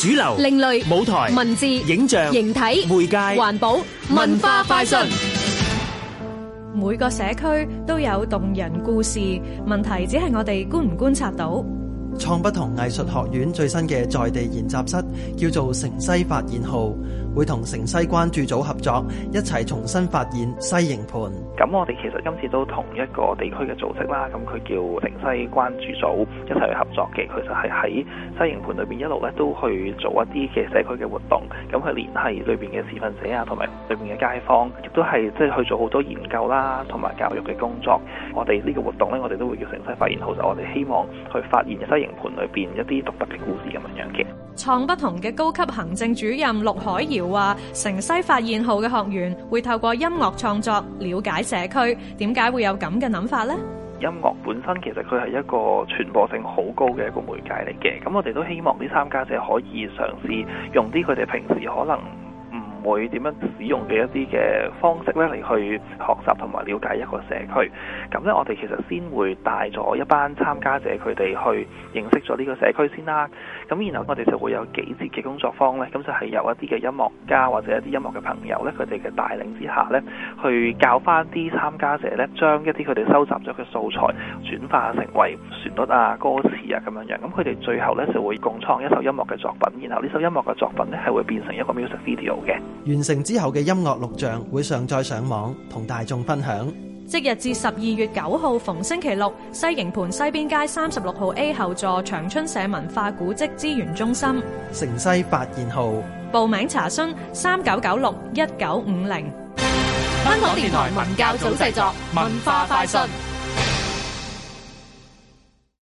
主流，另類，舞台，文字，影像，形體，媒介，環保，文化快訊文化快訊創不同藝術學院最新嘅在地研習室，叫做城西發現號，會同城西關注組合作，一齊重新發現西營盤。咁我哋其實今次都同一個地區嘅組織啦，咁佢叫城西關注組，一齊去合作嘅，其實係喺西營盤裏邊一路咧都去做一啲嘅社區嘅活動，咁去聯繫裏邊嘅持份者啊，同埋裏面嘅街坊，亦都係即係去做好多研究啦，同埋教育嘅工作。我哋呢個活動咧，我哋都會叫城西發現號，就是、我哋希望去發現西營盤裏邊一啲獨特嘅故事咁樣樣嘅。創不同嘅高級行政主任陸海瑤話：城西發現號嘅學員會透過音樂創作了解社區，點解會有咁嘅諗法呢？音樂本身其實佢係一個傳播性好高嘅一個媒介嚟嘅，咁我哋都希望啲參加者可以嘗試用啲佢哋平時可能。會點樣使用嘅一啲嘅方式咧嚟去學習同埋了解一個社區，咁咧我哋其實先會帶咗一班參加者，佢哋去認識咗呢個社區先啦。咁然後我哋就會有幾節嘅工作坊呢，咁就係由一啲嘅音樂家或者一啲音樂嘅朋友呢，佢哋嘅帶領之下呢，去教翻啲參加者呢，將一啲佢哋收集咗嘅素材轉化成為旋律啊、歌詞啊咁樣樣。咁佢哋最後呢就會共創一首音樂嘅作品，然後呢首音樂嘅作品呢係會變成一個 music video 嘅。完成之後嘅音樂錄像會上載上網同大眾分享。即日至十二月九號逢星期六，西營盤西邊街三十六號 A 後座長春社文化古蹟資源中心，城西發現號，報名查詢三九九六一九五零，香港電台文教組製作文化快訊。